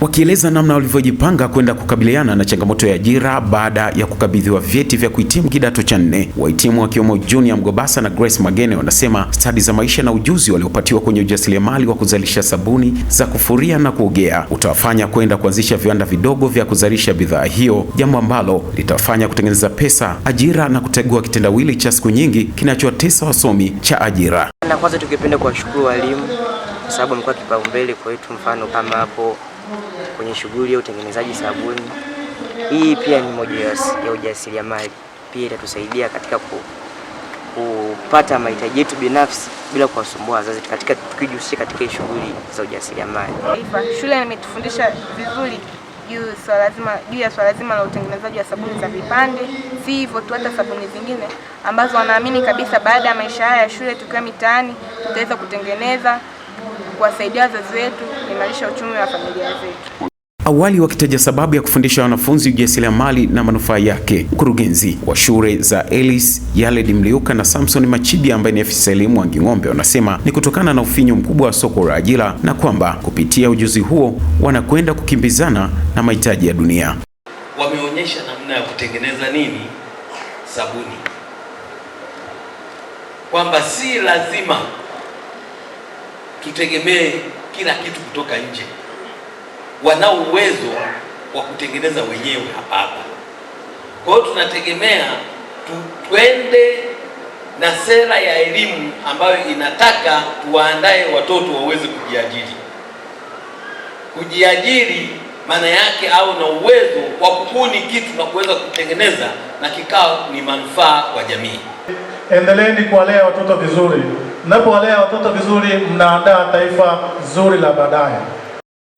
wakieleza namna walivyojipanga kwenda kukabiliana na changamoto ya ajira baada ya kukabidhiwa vyeti vya kuhitimu kidato cha nne. Wahitimu wakiwemo Junior Mgobasa na Grace Magene wanasema stadi za maisha na ujuzi waliopatiwa kwenye ujasiriamali wa kuzalisha sabuni za kufuria na kuogea utawafanya kwenda kuanzisha viwanda vidogo vya kuzalisha bidhaa hiyo, jambo ambalo litawafanya kutengeneza pesa, ajira na kutegua kitendawili cha siku nyingi kinachowatesa wasomi cha ajira. Na kwanza tukipenda kuwashukuru walimu kwa sababu mlikuwa kipaumbele kwetu, mfano kama hapo kwenye shughuli ya utengenezaji sabuni. Hii pia ni moja ya ujasiriamali, pia itatusaidia katika kupata mahitaji yetu binafsi bila kuwasumbua wazazi katika tukijihusisha katika shughuli za ujasiriamali. Shule imetufundisha vizuri juu swala zima juu ya swala zima la utengenezaji wa sabuni za vipande, si hivyo tu, hata sabuni zingine ambazo wanaamini kabisa baada ya maisha haya ya shule tukiwa mitaani tutaweza kutengeneza kuwasaidia wazazi wetu kuimarisha uchumi wa familia zetu. Awali wakitaja sababu ya kufundisha wanafunzi ujasiriamali na manufaa yake, mkurugenzi wa shule za Elis Yaledi Mliuka na Samson Machibia ambaye ni afisa elimu Wanging'ombe wanasema ni kutokana na ufinyu mkubwa wa soko la ajira na kwamba kupitia ujuzi huo wanakwenda kukimbizana na mahitaji ya dunia. Wameonyesha namna ya kutengeneza nini, sabuni, kwamba si lazima tutegemee kila kitu kutoka nje. Wanao uwezo wa kutengeneza wenyewe hapa hapa. Kwa hiyo tunategemea tuende twende na sera ya elimu ambayo inataka tuwaandae watoto waweze kujiajiri. Kujiajiri maana yake au na uwezo wa kubuni kitu na kuweza kutengeneza na kikao ni manufaa kwa jamii. Endeleeni kuwalea watoto vizuri. Mnapowalea watoto vizuri, mnaandaa taifa zuri la baadaye.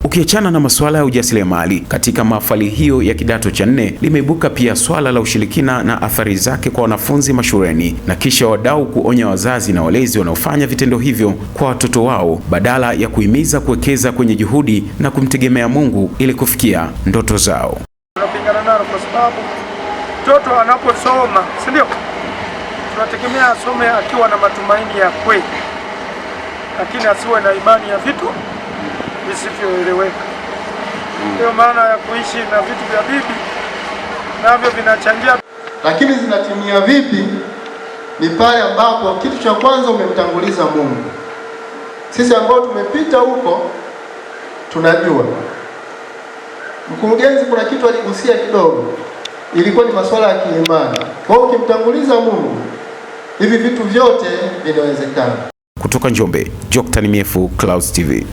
Ukiachana na masuala ya ujasiriamali, katika mahafali hiyo ya kidato cha nne limeibuka pia swala la ushirikina na athari zake kwa wanafunzi mashuleni, na kisha wadau kuonya wazazi na walezi wanaofanya vitendo hivyo kwa watoto wao, badala ya kuhimiza kuwekeza kwenye juhudi na kumtegemea Mungu ili kufikia ndoto zao. Tunapingana nalo kwa sababu mtoto anaposoma, si ndio? tunategemea asome akiwa na matumaini ya kweli, lakini asiwe na imani ya vitu visivyoeleweka. Mm. Ndiyo maana ya kuishi na vitu vya bibi, navyo vinachangia. Lakini zinatimia vipi? Ni pale ambapo kitu cha kwanza umemtanguliza Mungu. Sisi ambao tumepita huko tunajua. Mkurugenzi kuna kitu aligusia kidogo, ilikuwa ni masuala ya kiimani. Kwa hiyo ukimtanguliza Mungu Hivi vitu vyote vinawezekana. Kutoka Njombe, Joctan Myefu, Clouds TV.